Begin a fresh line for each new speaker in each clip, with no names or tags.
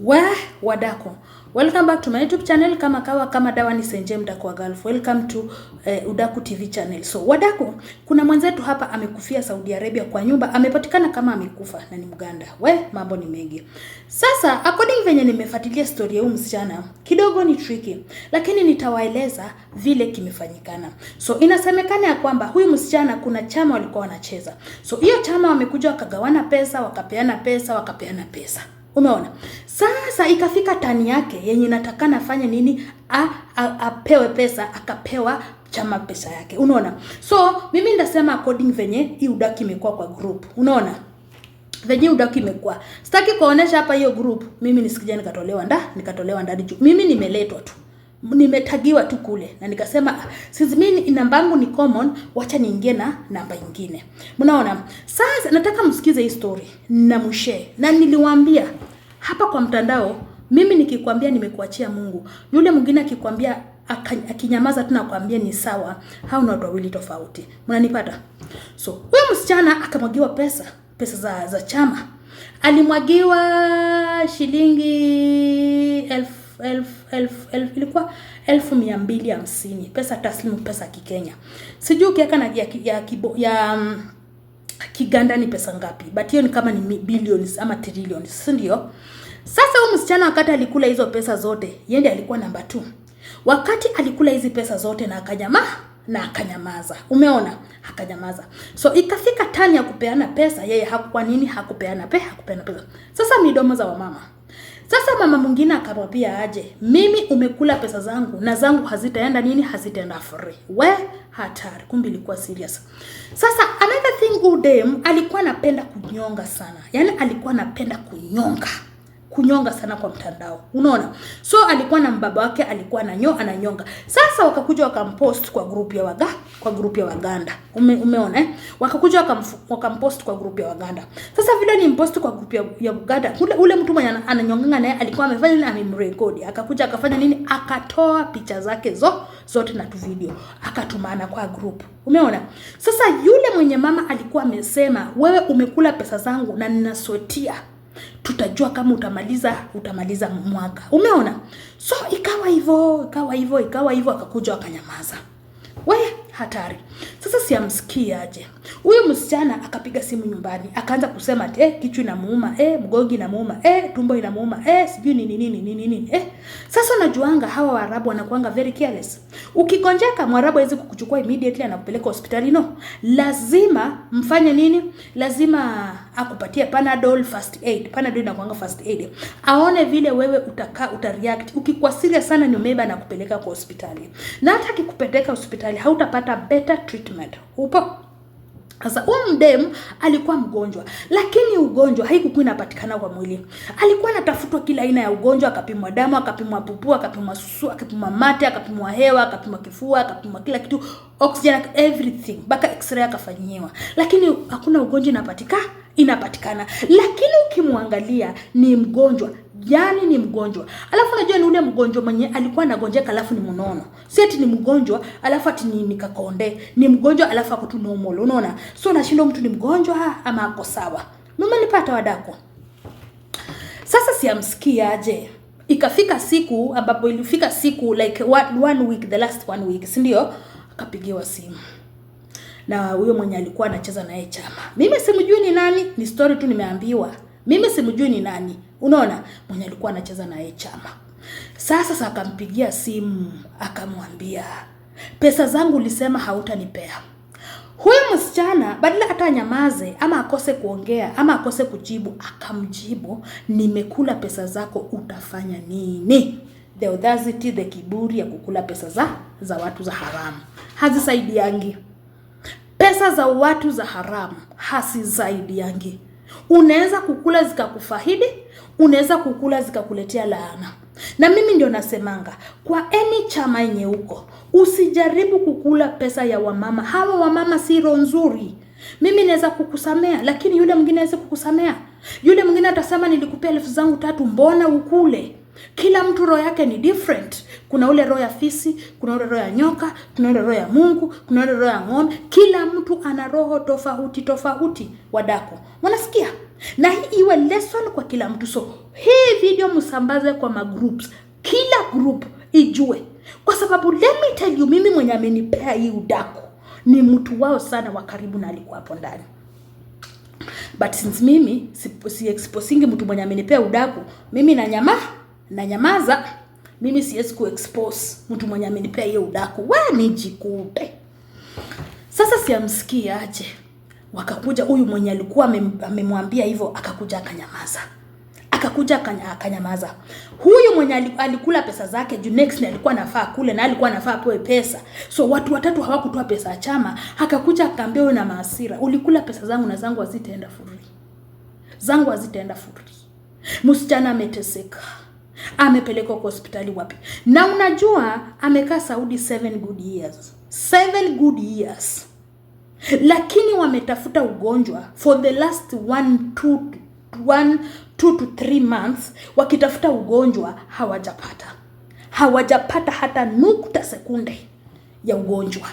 wa wadako welcome back to my youtube channel kama kawa kama dawa ni senje mdako wa Gulf welcome to eh, udaku tv channel so wadako kuna mwenzetu hapa amekufia Saudi Arabia kwa nyumba amepatikana kama amekufa na ni mganda we mambo ni mengi sasa according venye nimefuatilia story ya huyu msichana kidogo ni tricky lakini nitawaeleza vile kimefanyikana so inasemekana ya kwamba huyu msichana kuna chama walikuwa wanacheza so hiyo chama wamekuja wakagawana pesa wakapeana pesa wakapeana pesa Umeona? Sasa ikafika tani yake yenye natakana afanye nini, a, a, apewe pesa, akapewa chama pesa yake. Unaona? So mimi ndasema according venye hii udaki imekuwa kwa group. Unaona? Venye udaki imekuwa. Sitaki kuonesha hapa hiyo group. Mimi nisikija nikatolewa nda, nikatolewa ndani juu. Mimi nimeletwa tu nimetagiwa tu kule, na nikasema since mimi namba yangu ni common, wacha niingie na namba nyingine. Mnaona sasa, nataka msikize hii story na mshare, na niliwaambia hapa kwa mtandao, mimi nikikwambia nimekuachia Mungu, yule mwingine akikwambia akinyamaza tu nakwambia ni sawa, hao ni watu wawili tofauti. Mnanipata? So huyo msichana akamwagiwa pesa, pesa za, za chama alimwagiwa shilingi elfu ilikuwa elfu mia mbili hamsini pesa taslimu, pesa Kikenya. Sijui ukiweka na ya, ya, ya um, Kiganda ni pesa ngapi, but hiyo ni kama ni billions ama trillions, si ndio? Sasa huyu msichana wakati alikula hizo pesa zote, yeye alikuwa namba 2 wakati alikula hizi pesa zote na akanyama na akanyamaza. Umeona, akanyamaza. So ikafika tani ya kupeana pesa, yeye hakuwa nini, hakupeana pesa, hakupeana pesa. Sasa midomo za wamama sasa mama mwingine akamwambia aje, mimi umekula pesa zangu na zangu hazitaenda nini, hazitaenda free. We hatari, kumbe ilikuwa serious. Sasa another thing udem alikuwa anapenda kunyonga sana, yaani alikuwa anapenda kunyonga kunyonga sana kwa mtandao, unaona. So alikuwa na mbaba wake alikuwa nanyo, ananyonga. Sasa wakakuja wakampost kwa group ya waga kwa group ya Waganda Ume, umeona eh? Wakakuja wakampost kwa group ya Waganda. Sasa vile ni mpost kwa group ya, ya Uganda, ule, ule mtu mwenye ananyonganga naye alikuwa amefanya nini, amemrekodi akakuja akafanya nini, akatoa picha zake zo, zote na tu video akatumana kwa group, umeona. Sasa yule mwenye mama alikuwa amesema, wewe umekula pesa zangu na ninasotia tutajua kama utamaliza utamaliza mwaka. Umeona? So ikawa hivyo, ikawa hivyo, ikawa hivyo, akakuja akanyamaza. Wewe hatari. Sasa siamsikii aje huyu msichana, akapiga simu nyumbani, akaanza kusema ati eh, kichwa inamuuma eh, mgongo inamuuma eh, tumbo inamuuma eh, sijui nini nini nini nini eh. Sasa najuanga hawa Waarabu wanakuanga very careless. Ukigonjeka Mwarabu hawezi kukuchukua immediately anakupeleka hospitali no, lazima mfanye nini? Lazima akupatie Panadol first aid. Panadol inakuanga first aid, aone vile wewe utakaa utareact. Ukikuwa serious sana, ni umeba na kupeleka kwa hospitali, na hata akikupeleka hospitali hautapata kupata better treatment. Upo? Sasa huyu mdemu alikuwa mgonjwa, lakini ugonjwa haikukuwa inapatikana kwa mwili. Alikuwa anatafutwa kila aina ya ugonjwa, akapimwa damu, akapimwa pupu, akapimwa susu, akapimwa mate, akapimwa hewa, akapimwa kifua, akapimwa kila kitu, oxygen, everything, mpaka x-ray akafanyiwa, lakini hakuna ugonjwa inapatikana inapatikana. Lakini ukimwangalia ni mgonjwa yani ni mgonjwa. Alafu unajua ni ule mgonjwa mwenye alikuwa anagonjeka alafu ni mnono. Si ati ni mgonjwa alafu ati ni nikakonde. Ni mgonjwa alafu ako tu normal. Unaona? So nashindwa mtu ni mgonjwa ama ako sawa. Mama nipata wadako. Sasa siamsikia aje. Ikafika siku ambapo ilifika siku like one, one week the last one week, si ndio? Akapigiwa simu na huyo mwenye alikuwa anacheza naye Chama. Mimi simjui ni nani, ni story tu nimeambiwa. Mimi simjui ni nani. Unaona, mwenye alikuwa anacheza na yeye Chama. Sasa sasa akampigia simu akamwambia, pesa zangu ulisema hautanipea. Huyu msichana badala hata anyamaze ama akose kuongea ama akose kujibu, akamjibu nimekula pesa zako, utafanya nini? The audacity, the kiburi ya kukula pesa za za watu za haramu hazisaidiangi. Pesa za watu za haramu hazisaidiangi. Unaweza kukula zikakufaidi, unaweza kukula zikakuletea laana. Na mimi ndio nasemanga kwa eni chama yenye huko usijaribu kukula pesa ya wamama. Hawa wamama si roho nzuri. Mimi naweza kukusamea, lakini yule mwingine aweze kukusamea. Yule mwingine atasema nilikupea elfu zangu tatu, mbona ukule? Kila mtu roho yake ni different. Kuna ule roho ya fisi, kuna ule roho ya nyoka, kuna ule roho ya Mungu, kuna ule roho ya ng'ombe. Kila mtu ana roho tofauti tofauti. Wadako, mwanasikia? Na hii iwe lesson kwa kila mtu. So hii video msambaze kwa magroups, kila group ijue, kwa sababu let me tell you, mimi mwenye amenipea hii udako ni mtu wao sana wa karibu na alikuwa hapo ndani but since mimi si, si exposing mtu mwenye amenipea udaku mimi na nyama na nyamaza. Mimi siwezi kuexpose mtu mwenye amenipea hiyo udaku, we nijikute. Sasa siamsikia aje, wakakuja huyu mwenye alikuwa amemwambia hivyo, akakuja akanyamaza akakuja akanyamaza. Huyu mwenye alikula pesa zake juu next ni alikuwa nafaa kule na alikuwa nafaa apewe pesa, so watu watatu hawakutoa pesa ya chama. Akakuja akaambia wewe, na maasira ulikula pesa zangu na zangu hazitaenda furi, zangu hazitaenda furi. Msichana ameteseka amepelekwa kwa hospitali wapi? Na unajua amekaa Saudi seven good years, seven good years, lakini wametafuta ugonjwa for the last one two, one, two to three months, wakitafuta ugonjwa hawajapata, hawajapata hata nukta sekunde ya ugonjwa.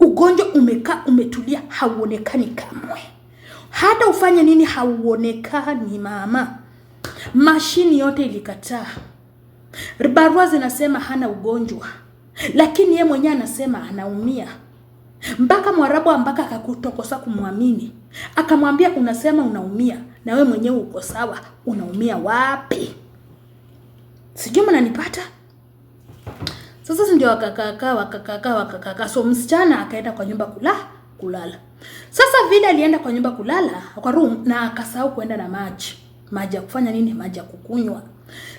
Ugonjwa umekaa umetulia, hauonekani kamwe, hata ufanye nini hauonekani mama. Mashini yote ilikataa, barua zinasema hana ugonjwa, lakini ye mwenyewe anasema anaumia. Mpaka Mwarabu ambaka akakutokosa kumwamini, akamwambia unasema unaumia na we mwenyewe uko sawa, unaumia wapi? Sijui mnanipata? Sasa ndio wakakakaa wakakakaa wakakakaa. So msichana akaenda kwa nyumba kula kulala. Sasa vile alienda kwa nyumba kulala kwa room, na akasahau kuenda na maji maji ya kufanya nini? Maji ya kukunywa.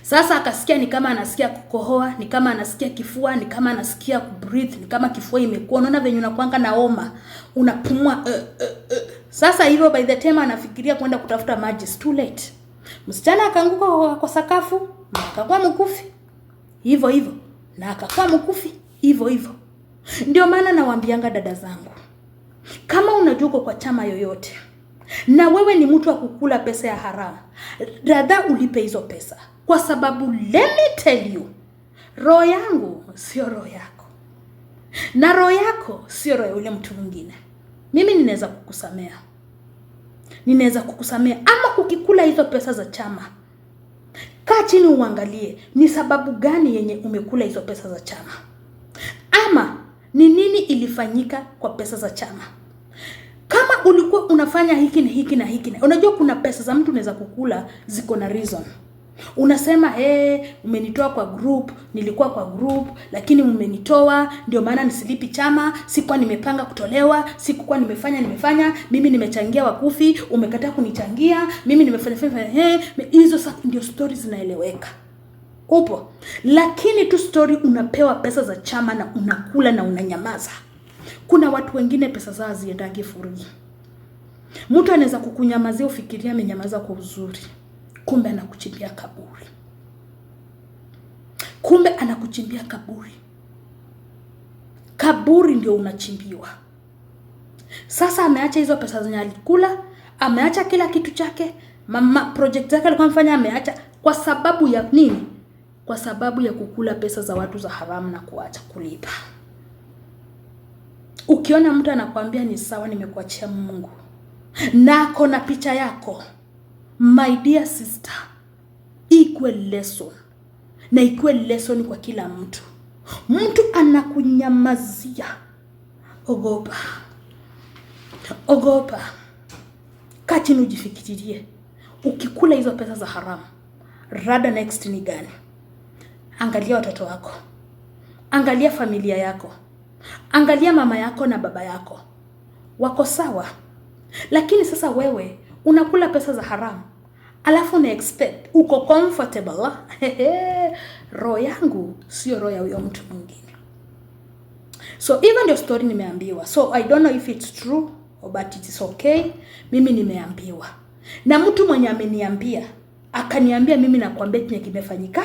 Sasa akasikia ni kama anasikia kukohoa, ni kama anasikia kifua, ni kama anasikia kubreathe, ni kama kifua imekuwa. Unaona venye unakuanga na homa, unapumua uh, uh, uh. Sasa hivyo by the time anafikiria kwenda kutafuta maji, it's too late. Msichana akaanguka kwa, sakafu na akakuwa mkufi hivyo hivyo, na akakuwa mkufi hivyo hivyo. Ndio maana nawaambianga dada zangu, kama unajua uko kwa chama yoyote na wewe ni mtu wa kukula pesa ya haramu, rada ulipe hizo pesa, kwa sababu let me tell you, roho yangu sio roho yako, na roho yako sio roho ya yule mtu mwingine. Mimi ninaweza kukusamea, ninaweza kukusamea ama kukikula hizo pesa za chama. Kaa chini uangalie ni sababu gani yenye umekula hizo pesa za chama, ama ni nini ilifanyika kwa pesa za chama kama ulikuwa unafanya hiki na hiki na hiki na unajua, kuna pesa za mtu unaweza kukula ziko na reason. Unasema hey, umenitoa kwa group, nilikuwa kwa group lakini umenitoa, ndio maana nisilipi chama, sikuwa nimepanga kutolewa, sikuwa nimefanya nimefanya, mimi nimechangia wakufi, umekataa kunichangia, mimi nimefanya fanya. Hizo sasa ndio stories zinaeleweka. Upo lakini tu story, unapewa pesa za chama na unakula na unanyamaza. Kuna watu wengine pesa zao haziendagi free. Mtu anaweza kukunyamazia ufikiria amenyamaza kwa uzuri, kumbe anakuchimbia kaburi, kumbe anakuchimbia kaburi. Kaburi ndio unachimbiwa. Sasa ameacha hizo pesa zenye alikula, ameacha kila kitu chake, mama project zake alikuwa amfanya, ameacha kwa sababu ya nini? Kwa sababu ya kukula pesa za watu za haramu na kuacha kulipa. Ukiona mtu anakuambia ni sawa, nimekuachia Mungu nako na picha yako, my dear sister, ikwe lesson na ikwe lesson kwa kila mtu. Mtu anakunyamazia, ogopa, ogopa, kaa chini ujifikirie. Ukikula hizo pesa za haramu, rada next ni gani? Angalia watoto wako, angalia familia yako. Angalia mama yako na baba yako wako sawa, lakini sasa wewe unakula pesa za haramu alafu na expect uko comfortable. Ah, roho yangu sio roho ya huyo mtu mwingine. So hivyo ndio story nimeambiwa, so I don't know if it's true but it is okay. Mimi nimeambiwa na mtu mwenye ameniambia akaniambia, mimi nakwambia kinye kimefanyika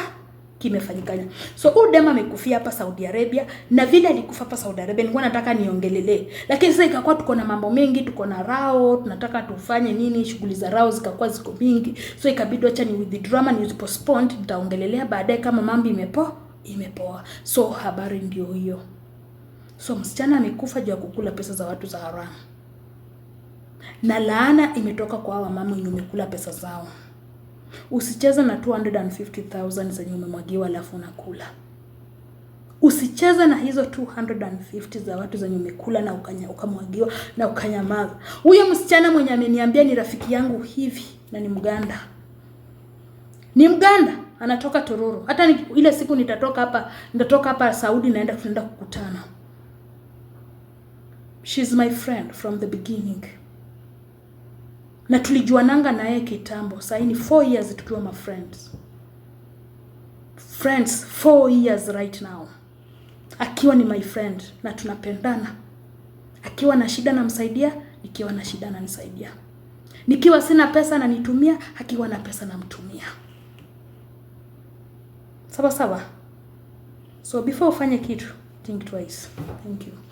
kimefanyikana. So huyu dema amekufia hapa Saudi Arabia na vile alikufa hapa Saudi Arabia nilikuwa nataka niongelele. Lakini sasa ikakuwa tuko na mambo mengi, tuko na rao, tunataka tufanye nini, shughuli za rao zikakuwa ziko mingi. So ikabidi acha ni with the drama ni postpone, nitaongelelea baadaye kama mambo imepo imepoa. So habari ndio hiyo. So msichana amekufa juu ya kukula pesa za watu za haramu. Na laana imetoka kwa wamama wenye wamekula pesa zao. Usicheze na 250,000 zenye umemwagiwa alafu unakula. Usicheze na hizo 250 za watu zenye umekula na ukanya, ukamwagiwa na ukanyamaza. Huyo msichana mwenye ameniambia ni rafiki yangu hivi na ni Mganda, ni Mganda anatoka Tororo. Hata ni, ile siku nitatoka hapa nitatoka hapa Saudi, naenda tunaenda kukutana. She's my friend from the beginning na tulijuananga na yeye kitambo, sasa ni 4 years tukiwa ma friends friends 4 years right now, akiwa ni my friend na tunapendana. Akiwa na shida namsaidia, nikiwa na shida nanisaidia, nikiwa sina pesa nanitumia, akiwa na pesa namtumia. Sawa sawa. So before ufanye kitu, think twice. Thank you.